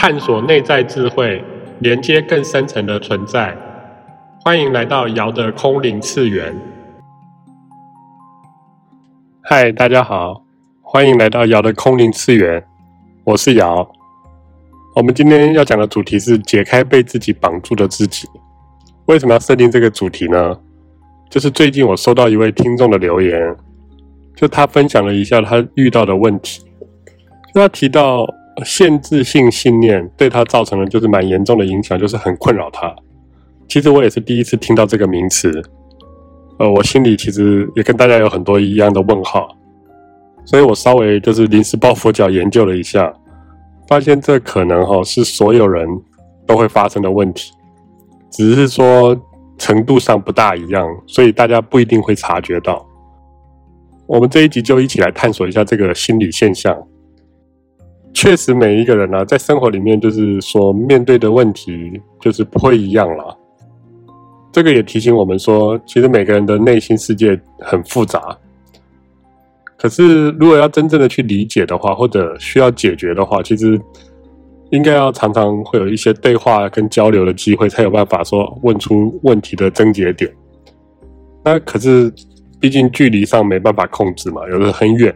探索內在智慧，連接更深層的存在。歡迎來到姚的空靈次元。嗨，大家好，歡迎來到姚的空靈次元。我是姚。我們今天要講的主題是解開被自己綁住的自己。為什麼要設定這個主題呢？就是最近我收到一位聽眾的留言，就他分享了一下他遇到的問題，就他提到。限制性信念對他造成了就是蠻嚴重的影響，就是很困擾他。其實我也是第一次聽到這個名詞，呃，我心裡其實也跟大家有很多一樣的問號，所以我稍微就是臨時抱佛腳研究了一下，發現這可能哈是所有人都會發生的問題，只是說程度上不大一樣，所以大家不一定會察覺到。我們這一集就一起來探索一下這個心理現象。確實，每一個人呢、啊，在生活裡面就是說面對的問題就是不會一樣了。這個也提醒我們說，其實每個人的內心世界很複雜。可是，如果要真正的去理解的話，或者需要解決的話，其實應該要常常會有一些對話跟交流的機會，才有辦法說問出問題的癥結點。那可是，畢竟距離上沒辦法控制嘛，有的很遠。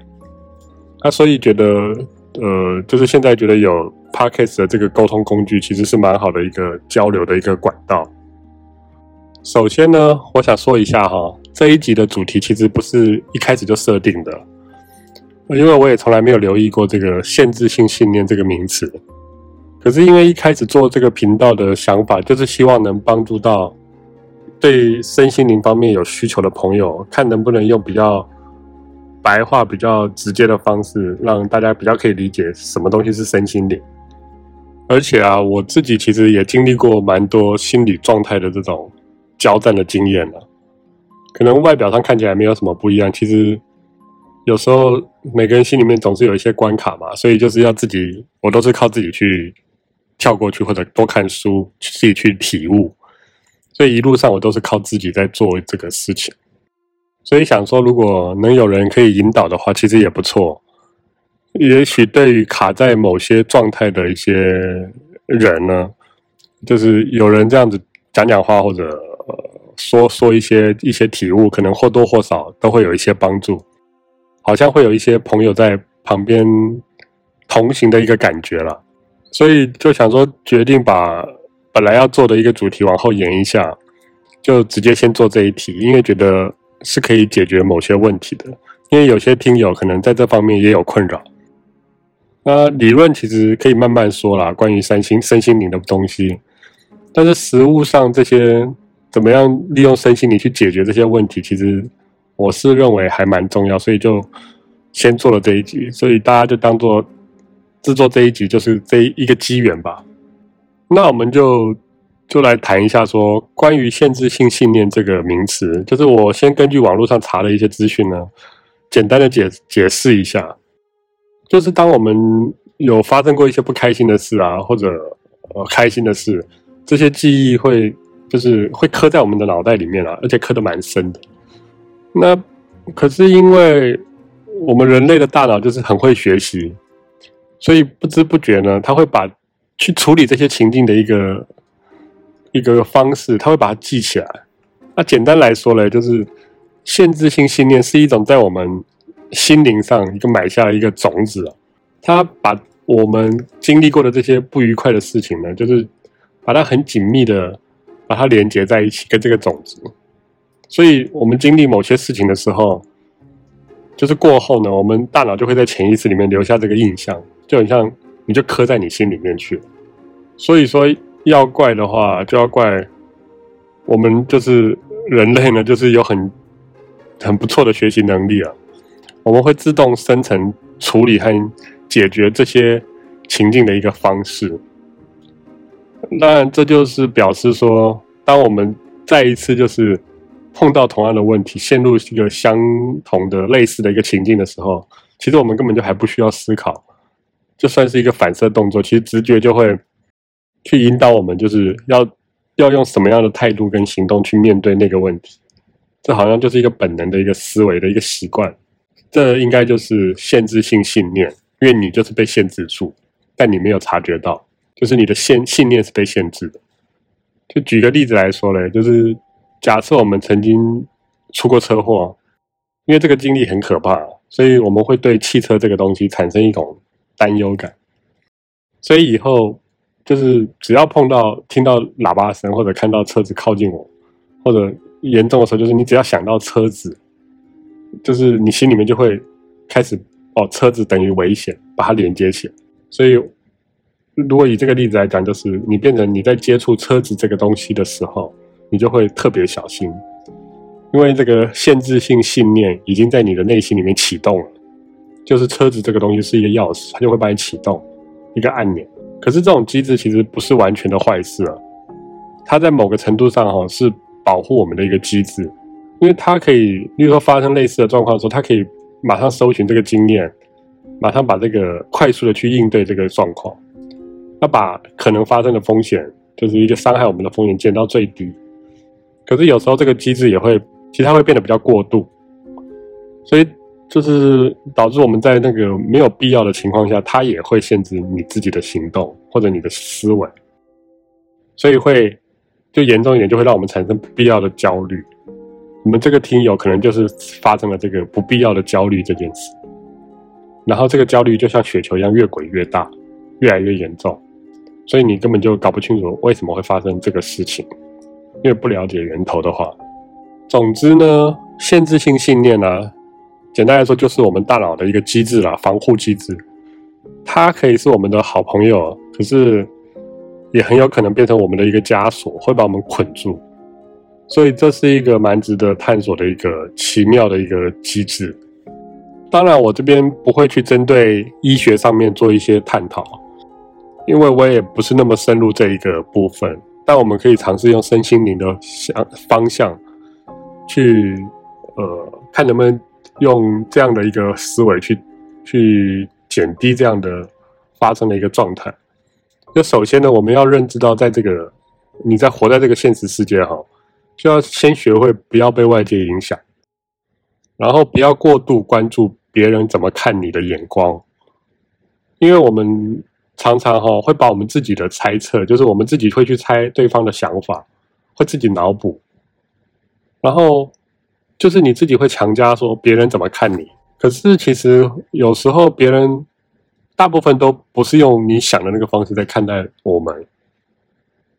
那所以覺得。呃，就是現在覺得有 Podcast 的這個溝通工具，其實是蠻好的一個交流的一個管道。首先呢，我想說一下哈，這一集的主題其實不是一開始就設定的，因為我也從來沒有留意過這個限制性信念這個名詞。可是因為一開始做這個頻道的想法，就是希望能幫助到對身心靈方面有需求的朋友，看能不能用比較。白話比較直接的方式，讓大家比較可以理解什麼東西是身心靈。而且啊，我自己其實也經歷過蠻多心理狀態的這種交戰的經驗了啊。可能外表上看起來沒有什麼不一樣，其實有時候每個人心裡面總是有一些關卡嘛，所以就是要自己，我都是靠自己去跳過去，或者多看書，自己去體悟。所以一路上我都是靠自己在做這個事情。所以想說，如果能有人可以引導的話，其實也不錯。也許對於卡在某些狀態的一些人呢，就是有人這樣子講講話，或者說說一些一些體悟，可能或多或少都會有一些幫助。好像會有一些朋友在旁邊同行的一個感覺了。所以就想說，決定把本來要做的一個主題往後延一下，就直接先做這一題，因為覺得。是可以解決某些問題的，因為有些聽友可能在這方面也有困擾。那理論其實可以慢慢說啦，關於身心身心靈的東西。但是實物上這些怎麼樣利用身心靈去解決這些問題，其實我是認為還蠻重要，所以就先做了這一集。所以大家就當做制作這一集就是這一個機緣吧。那我們就。就來談一下說，說關於限制性信念這個名詞，就是我先根據網絡上查的一些資訊呢，簡單的解解釋一下，就是當我們有發生過一些不開心的事啊，或者呃開心的事，這些記憶會就是會刻在我們的腦袋裡面啊，而且刻得蠻深的。那可是因為我們人類的大腦就是很會學習，所以不知不覺呢，它會把去處理這些情境的一個。一個方式，它會把它記起來。那簡單來說呢，就是限制性信念是一種在我們心靈上一個埋下一個種子，它把我們經歷過的這些不愉快的事情呢，就是把它很緊密的把它連接在一起，跟這個種子。所以我們經歷某些事情的時候，就是過後呢，我們大腦就會在潛意識裡面留下這個印象，就很像你就刻在你心裡面去。所以說。要怪的話，就要怪我們，就是人類呢，就是有很很不錯的學習能力啊。我們會自動生成、處理和解決這些情境的一個方式。那，這就是表示說，當我們再一次就是碰到同樣的問題，陷入一個相同的、類似的一個情境的時候，其實我們根本就還不需要思考，就算是一個反射動作，其實直覺就會。去引導我們，就是要要用什麼樣的態度跟行動去面對那個問題？這好像就是一個本能的一個思維的一個習慣，這應該就是限制性信念，因為你就是被限制住，但你沒有察覺到，就是你的限、信念是被限制的。就舉個例子來說嘞，就是假設我們曾經出過車禍，因為這個經歷很可怕，所以我們會對汽車這個東西產生一種擔憂感，所以以後。就是只要碰到、聽到喇叭聲，或者看到車子靠近我，或者嚴重的時候，就是你只要想到車子，就是你心裡面就會開始哦，車子等於危險，把它連接起來。所以，如果以這個例子來講，就是你變成你在接觸車子這個東西的時候，你就會特別小心，因為這個限制性信念已經在你的內心裡面啟動了。就是車子這個東西是一個鑰匙，它就會幫你啟動一個按鈕。可是這種機制其實不是完全的壞事啊，它在某個程度上是保護我們的一個機制，因為它可以，例如說發生類似的狀況的時候，它可以馬上搜尋這個經驗，馬上把這個快速的去應對這個狀況，它把可能發生的風險，就是一個傷害我們的風險減到最低。可是有時候這個機制也會，其實它會變得比較過度，所以。就是導致我們在那個沒有必要的情況下，它也會限制你自己的行動或者你的思維，所以會就嚴重一點，就會讓我們產生不必要的焦慮。我們這個聽友可能就是發生了這個不必要的焦慮這件事，然後這個焦慮就像雪球一樣越滾越大，越來越嚴重，所以你根本就搞不清楚為什麼會發生這個事情，因為不了解源頭的話。總之呢，限制性信念呢，啊。簡單來說，就是我們大腦的一個機制啦，防護機制。它可以是我們的好朋友，可是也很有可能變成我們的一個枷鎖，會把我們捆住。所以這是一個蠻值得探索的一個奇妙的一個機制。當然，我這邊不會去針對醫學上面做一些探討，因為我也不是那麼深入這一個部分。但我們可以嘗試用身心靈的向方向去呃看能不能。用這樣的一個思維去去減低這樣的發生的一個狀態。就首先呢，我們要認知到，在這個你在活在這個現實世界哈，就要先學會不要被外界影響，然後不要過度關注別人怎麼看你的眼光，因為我們常常哈會把我們自己的猜測，就是我們自己會去猜對方的想法，會自己腦補，然後。就是你自己會強加說別人怎麼看你，可是其實有時候別人大部分都不是用你想的那個方式在看待我們，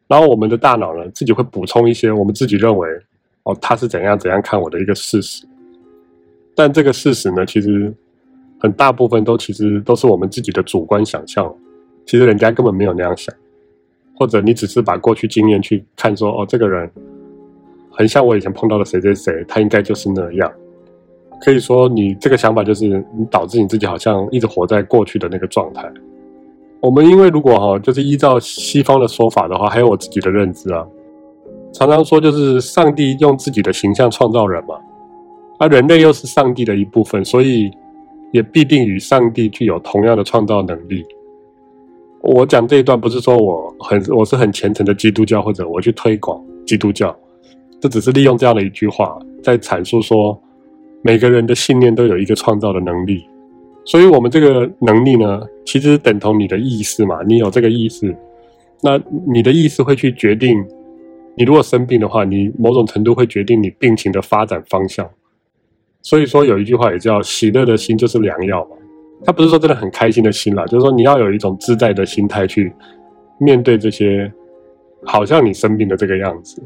然後我們的大腦呢自己會補充一些我們自己認為哦他是怎樣怎樣看我的一個事實，但這個事實呢其實很大部分都其實都是我們自己的主觀想象，其實人家根本沒有那樣想，或者你只是把過去經驗去看說哦這個人。很像我以前碰到的誰誰誰，他應該就是那樣。可以說，你這個想法就是你導致你自己好像一直活在過去的那個狀態。我們因為如果哈、哦，就是依照西方的說法的話，還有我自己的認知啊，常常說就是上帝用自己的形象創造人嘛，而、啊、人類又是上帝的一部分，所以也必定與上帝具有同樣的創造能力。我講這一段不是說我很我是很虔誠的基督教，或者我去推廣基督教。這只是利用這樣的一句話，在闡述說，每個人的信念都有一個創造的能力，所以我們這個能力呢，其實等同你的意識嘛。你有這個意識，那你的意識會去決定，你如果生病的話，你某種程度會決定你病情的發展方向。所以說有一句話也叫“喜樂的心就是良藥”嘛，它不是說真的很開心的心啦，就是說你要有一種自在的心態去面對這些，好像你生病的這個樣子。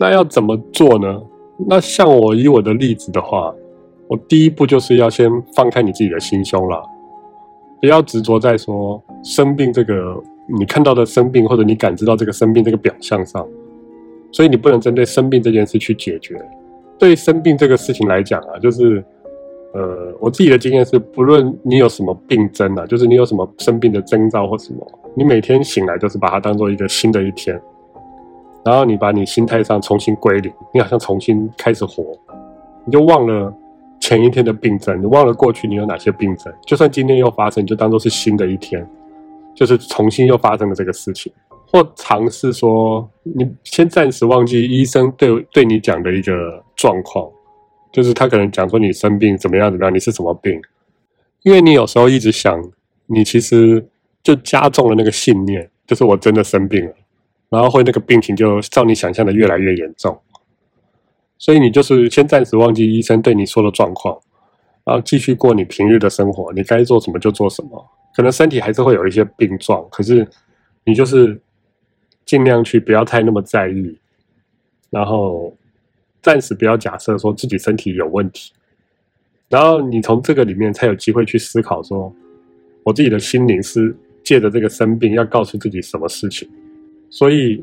那要怎麼做呢？那像我以我的例子的話，我第一步就是要先放開你自己的心胸啦，不要執着在說生病這個，你看到的生病或者你感知到這個生病這個表象上。所以你不能針對生病這件事去解決。對生病這個事情來講啊，就是呃，我自己的經驗是，不論你有什麼病症啊，就是你有什麼生病的徵兆或什麼，你每天醒來就是把它當做一個新的一天。然後你把你心態上重新歸零，你好像重新開始活，你就忘了前一天的病症，你忘了過去你有哪些病症，就算今天又發生，你就當做是新的一天，就是重新又發生了這個事情。或嘗試說，你先暫時忘記醫生對對你講的一個狀況，就是他可能講說你生病怎麼樣怎麼樣，你是什麼病，因為你有時候一直想，你其實就加重了那個信念，就是我真的生病了。然後會那個病情就照你想象的越來越嚴重，所以你就是先暫時忘記醫生對你說的狀況，然後繼續過你平日的生活，你該做什麼就做什麼，可能身體還是會有一些病狀，可是你就是盡量去不要太那麼在意，然後暫時不要假設說自己身體有問題，然後你從這個裡面才有機會去思考，說我自己的心靈是借着這個生病要告訴自己什麼事情。所以，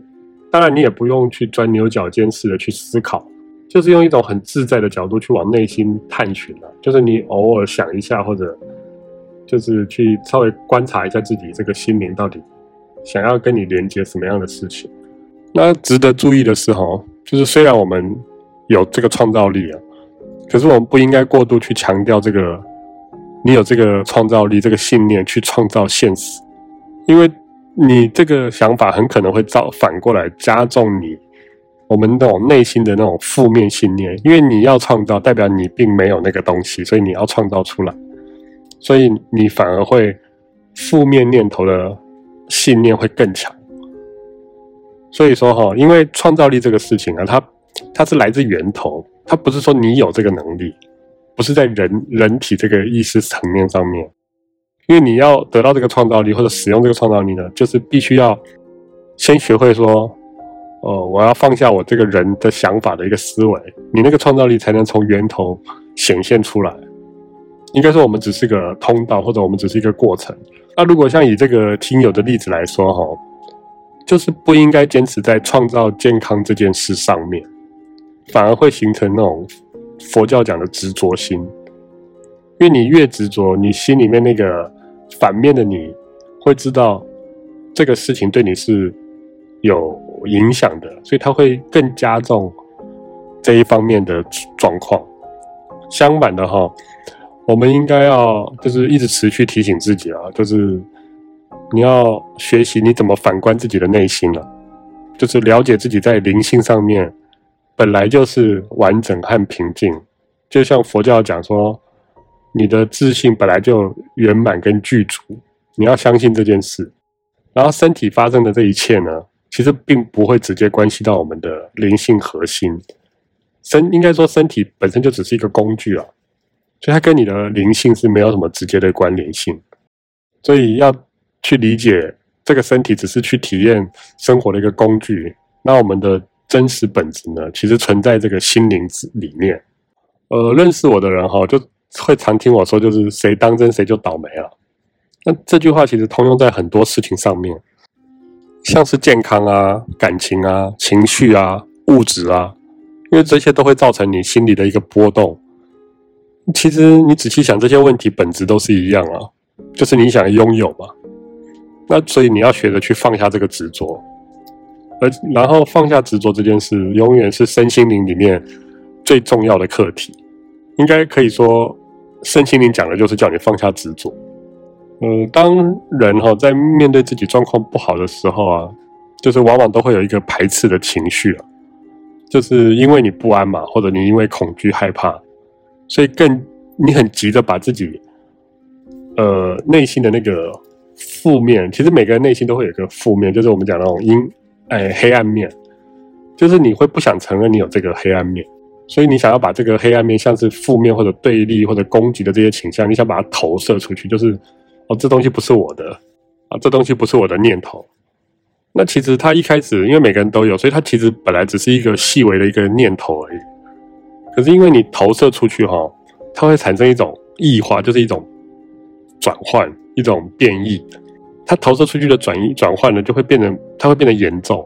當然你也不用去鑽牛角尖式的去思考，就是用一種很自在的角度去往內心探尋了、啊。就是你偶爾想一下，或者就是去稍微觀察一下自己這個心靈到底想要跟你連接什麼樣的事情。那值得注意的是，吼，就是雖然我們有這個創造力啊，可是我們不應該過度去強調這個你有這個創造力這個信念去創造現實，因為。你這個想法很可能會造，反過來加重你我們那種內心的那種負面信念，因為你要創造，代表你並沒有那個東西，所以你要創造出來，所以你反而會負面念頭的信念會更強。所以說哈，因為創造力這個事情啊，它它是來自源頭，它不是說你有這個能力，不是在人人體這個意識層面上面。因為你要得到這個創造力，或者使用這個創造力呢，就是必須要先學會說，哦、呃，我要放下我這個人的想法的一個思維，你那個創造力才能從源頭顯現出來。應該說，我們只是個通道，或者我們只是一個過程。那如果像以這個聽友的例子來說，哈，就是不應該堅持在創造健康這件事上面，反而會形成那種佛教講的執着心。因為你越執着，你心裡面那個。反面的你，會知道這個事情對你是有影響的，所以他會更加重這一方面的狀況。相反的哈，我們應該要就是一直持續提醒自己啊，就是你要學習你怎麼反觀自己的內心了啊，就是了解自己在靈性上面本來就是完整和平靜，就像佛教講說。你的自信本來就圓滿跟具足，你要相信這件事。然後身體發生的這一切呢，其實並不會直接關係到我們的靈性核心。身應該說，身體本身就只是一個工具啊，所以它跟你的靈性是沒有什麼直接的關聯性。所以要去理解，這個身體只是去體驗生活的一個工具。那我們的真實本質呢，其實存在這個心靈之裡面。呃，認識我的人哈，就。會常聽我說，就是誰當真誰就倒霉了。那這句話其實通用在很多事情上面，像是健康啊、感情啊、情緒啊、物質啊，因為這些都會造成你心理的一個波動。其實你仔細想，這些問題本質都是一樣啊，就是你想擁有嘛。那所以你要學着去放下這個執着，而然後放下執着這件事，永遠是身心靈裡面最重要的課題。應該可以說，身心靈講的就是叫你放下執着。呃，當人哈在面對自己狀況不好的時候啊，就是往往都會有一個排斥的情緒啊，就是因為你不安嘛，或者你因為恐懼害怕，所以更你很急着把自己，呃，內心的那個負面，其實每個人內心都會有一個負面，就是我們講那種陰，哎，黑暗面，就是你會不想承認你有這個黑暗面。所以你想要把這個黑暗面，像是負面或者對立或者攻擊的這些傾向，你想把它投射出去，就是，哦，這東西不是我的，啊、哦，這東西不是我的念頭。那其實他一開始，因為每個人都有，所以他其實本來只是一個細微的一個念頭而已。可是因為你投射出去哈、哦，它會產生一種異化，就是一種轉換，一種變異。它投射出去的轉移轉換呢，就會變得，它會變得嚴重。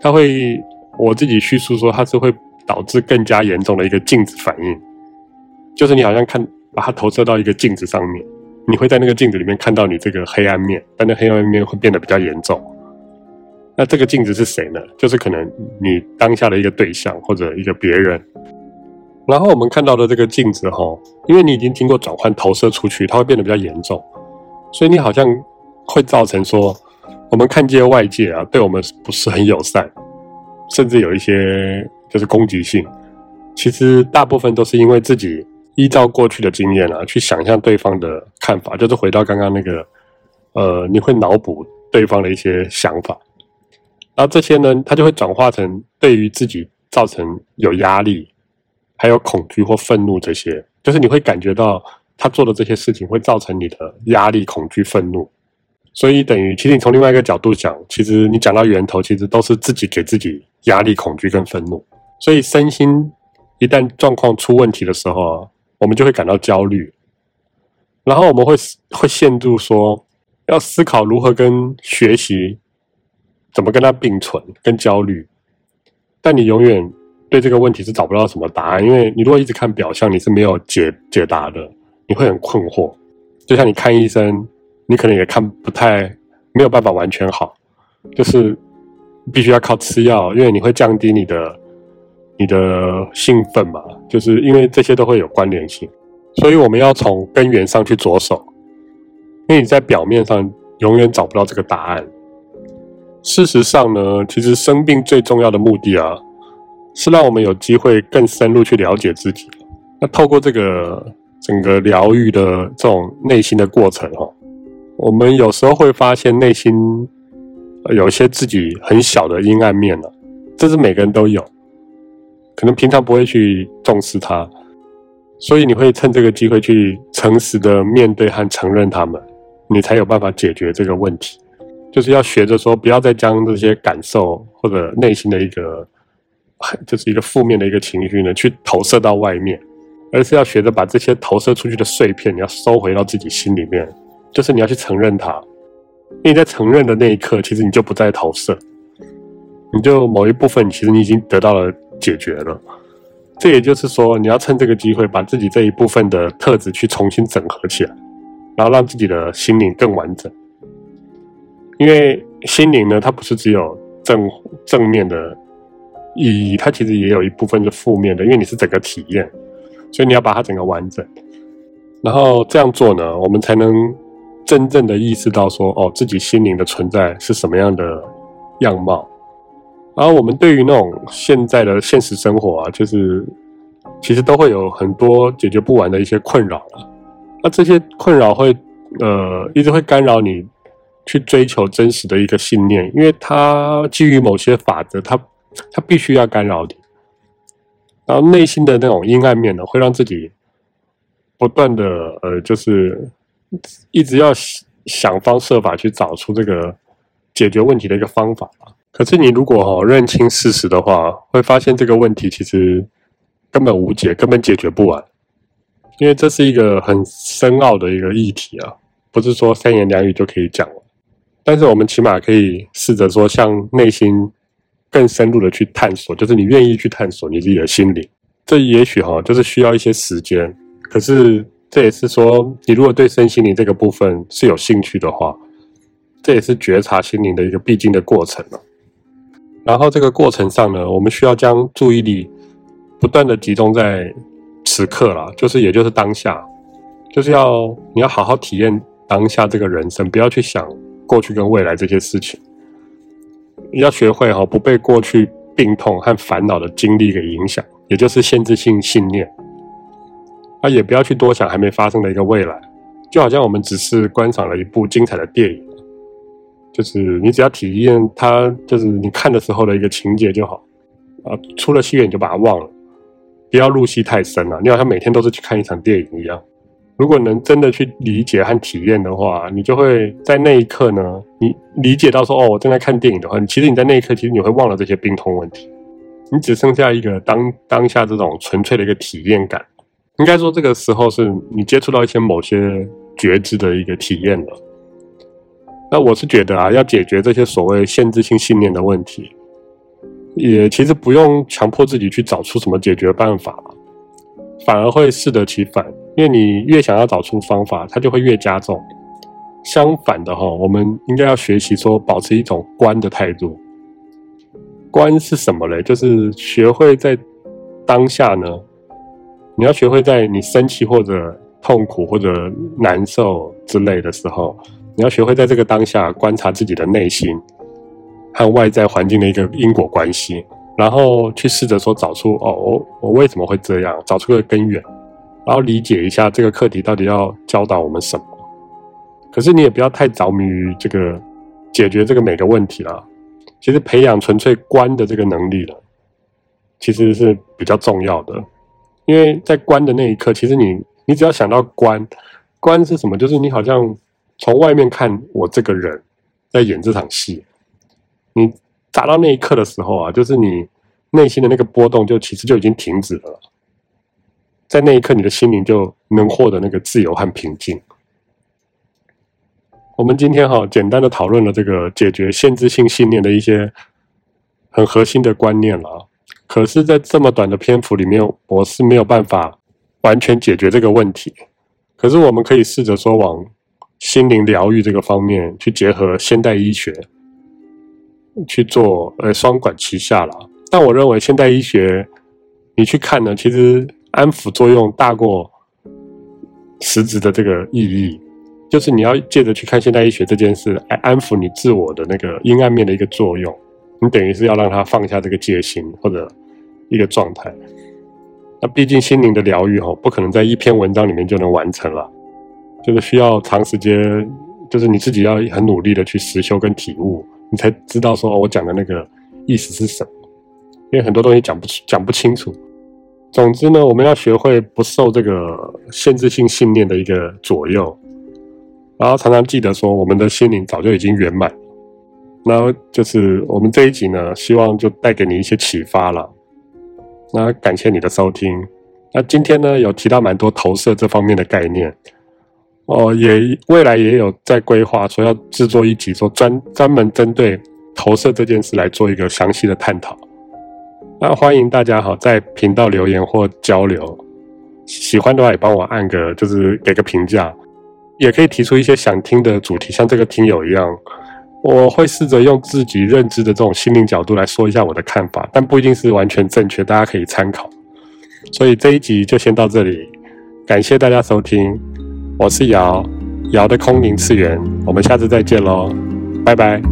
它會我自己敘述說，它是會。導致更加嚴重的一個鏡子反應，就是你好像看，把它投射到一個鏡子上面，你會在那個鏡子裡面看到你這個黑暗面，但那黑暗面會變得比較嚴重。那這個鏡子是誰呢？就是可能你當下的一個對象或者一個別人。然後我們看到的這個鏡子哈，因為你已經經過轉換投射出去，它會變得比較嚴重，所以你好像會造成說，我們看見外界啊，對我們不是很友善，甚至有一些。就是攻擊性，其實大部分都是因為自己依照過去的經驗了、啊、去想象對方的看法，就是回到剛剛那個，呃，你會腦補對方的一些想法，然後這些呢，它就會轉化成對於自己造成有壓力、還有恐懼或憤怒這些，就是你會感覺到他做的這些事情會造成你的壓力、恐懼、憤怒，所以等於其實你從另外一個角度講，其實你講到源頭，其實都是自己給自己壓力、恐懼跟憤怒。所以身心一旦狀況出問題的時候，我們就會感到焦慮，然後我們會會陷入說，要思考如何跟學習，怎麼跟它並存，跟焦慮。但你永遠對這個問題是找不到什麼答案，因為你如果一直看表象，你是沒有解解答的，你會很困惑。就像你看醫生，你可能也看不太，沒有辦法完全好，就是必須要靠吃藥，因為你會降低你的。你的興奮嘛，就是因為這些都會有關聯性，所以我們要從根源上去着手，因為你在表面上永遠找不到這個答案。事實上呢，其實生病最重要的目的啊，是讓我們有機會更深入去了解自己。那透過這個整個療癒的這種內心的過程哈，我們有時候會發現內心有一些自己很小的陰暗面啊，這是每個人都有。可能平常不會去重視它，所以你會趁這個機會去誠實的面對和承認它們，你才有辦法解決這個問題。就是要學着說，不要再將這些感受或者內心的一個就是一個負面的一個情緒呢，去投射到外面，而是要學着把這些投射出去的碎片，你要收回到自己心裡面，就是你要去承認它。你在承認的那一刻，其實你就不再投射，你就某一部分，其實你已經得到了。解決了，這也就是說，你要趁這個機會，把自己這一部分的特質去重新整合起來，然後讓自己的心靈更完整。因為心靈呢，它不是只有正正面的意義，它其實也有一部分是負面的。因為你是整個體驗，所以你要把它整個完整。然後這樣做呢，我們才能真正的意識到說，哦，自己心靈的存在是什麼樣的樣貌。然後我們對於那種現在的現實生活啊，就是其實都會有很多解決不完的一些困擾了、啊。那、啊、這些困擾會呃一直會干擾你去追求真實的一個信念，因為它基於某些法則，它它必須要干擾你。然後內心的那種陰暗面呢，會讓自己不斷的呃就是一直要想方設法去找出這個解決問題的一個方法吧。可是你如果認清事實的話，會發現這個問題其實根本無解，根本解決不完，因為這是一個很深奧的一個議題啊，不是說三言兩語就可以講了。但是我們起碼可以試着說，向內心更深入的去探索，就是你願意去探索你自己的心靈。這也許就是需要一些時間。可是這也是說，你如果對身心靈這個部分是有興趣的話，這也是覺察心靈的一個必經的過程。然後這個過程上呢，我們需要將注意力不斷地集中在此刻啦，就是也就是當下，就是要你要好好體驗當下這個人生，不要去想過去跟未來這些事情。你要學會哈、哦，不被過去病痛和煩惱的經歷給影響，也就是限制性信念，啊，也不要去多想還沒發生的一個未來，就好像我們只是觀賞了一部精彩的電影。就是你只要體驗它，就是你看的時候的一個情節就好啊。出了戲院你就把它忘了，不要入戲太深了。你好像每天都是去看一場電影一樣。如果能真的去理解和體驗的話，你就會在那一刻呢，你理解到說哦，我正在看電影的話，你其實你在那一刻其實你會忘了這些病痛問題，你只剩下一個當，當下這種純粹的一個體驗感。應該說這個時候是你接觸到一些某些覺知的一個體驗了。那我是覺得啊，要解決這些所謂限制性信念的問題，也其實不用強迫自己去找出什麼解決辦法，反而會適得其反。因為你越想要找出方法，它就會越加重。相反的哈、哦，我們應該要學習說，保持一種觀的態度。觀是什麼嘞？就是學會在當下呢，你要學會在你生氣或者痛苦或者難受之類的時候。你要學會在這個當下觀察自己的內心和外在環境的一個因果關係，然後去試着說找出，哦，我，我為什麼會這樣？找出個根源，然後理解一下這個課題到底要教導我們什麼。可是你也不要太着迷於這個解決這個每個問題了。其實培養純粹觀的這個能力了，其實是比較重要的，因為在觀的那一刻，其實你你只要想到觀，觀是什麼？就是你好像。從外面看，我這個人，在演這場戲。你砸到那一刻的時候啊，就是你內心的那個波動，就其實就已經停止了。在那一刻，你的心靈就能獲得那個自由和平靜。我們今天哈，簡單的討論了這個解決限制性信念的一些很核心的觀念了啊。可是，在這麼短的篇幅裡面，我是沒有辦法完全解決這個問題。可是，我們可以試着說往。心靈療癒這個方面去結合現代醫學去做，呃、欸，雙管齊下了。但我認為現代醫學你去看呢，其實安撫作用大過實質的這個意義，就是你要借着去看現代醫學這件事安撫你自我的那個陰暗面的一個作用。你等於是要讓他放下這個戒心或者一個狀態。那畢竟心靈的療癒哈，不可能在一篇文章裡面就能完成了。就是需要長時間，就是你自己要很努力的去實修跟體悟，你才知道說，我講的那個意思是什麼。因為很多東西講不，講不清楚。總之呢，我們要學會不受這個限制性信念的一個左右，然後常常記得說，我們的心靈早就已經圓滿。然後就是我們這一集呢，希望就帶給你一些啟發了。那感謝你的收聽。那今天呢，有提到蠻多投射這方面的概念。哦，也未來也有在規劃，說要製作一集，說專專門針對投射這件事來做一個詳細的探討。那歡迎大家哈，在頻道留言或交流。喜歡的話也幫我按個，就是給個評價，也可以提出一些想聽的主題，像這個聽友一樣，我會試着用自己認知的這種心靈角度來說一下我的看法，但不一定是完全正確，大家可以參考。所以這一集就先到這裡，感謝大家收聽。我是瑤瑤的空靈次元，我們下次再見嘍，拜拜。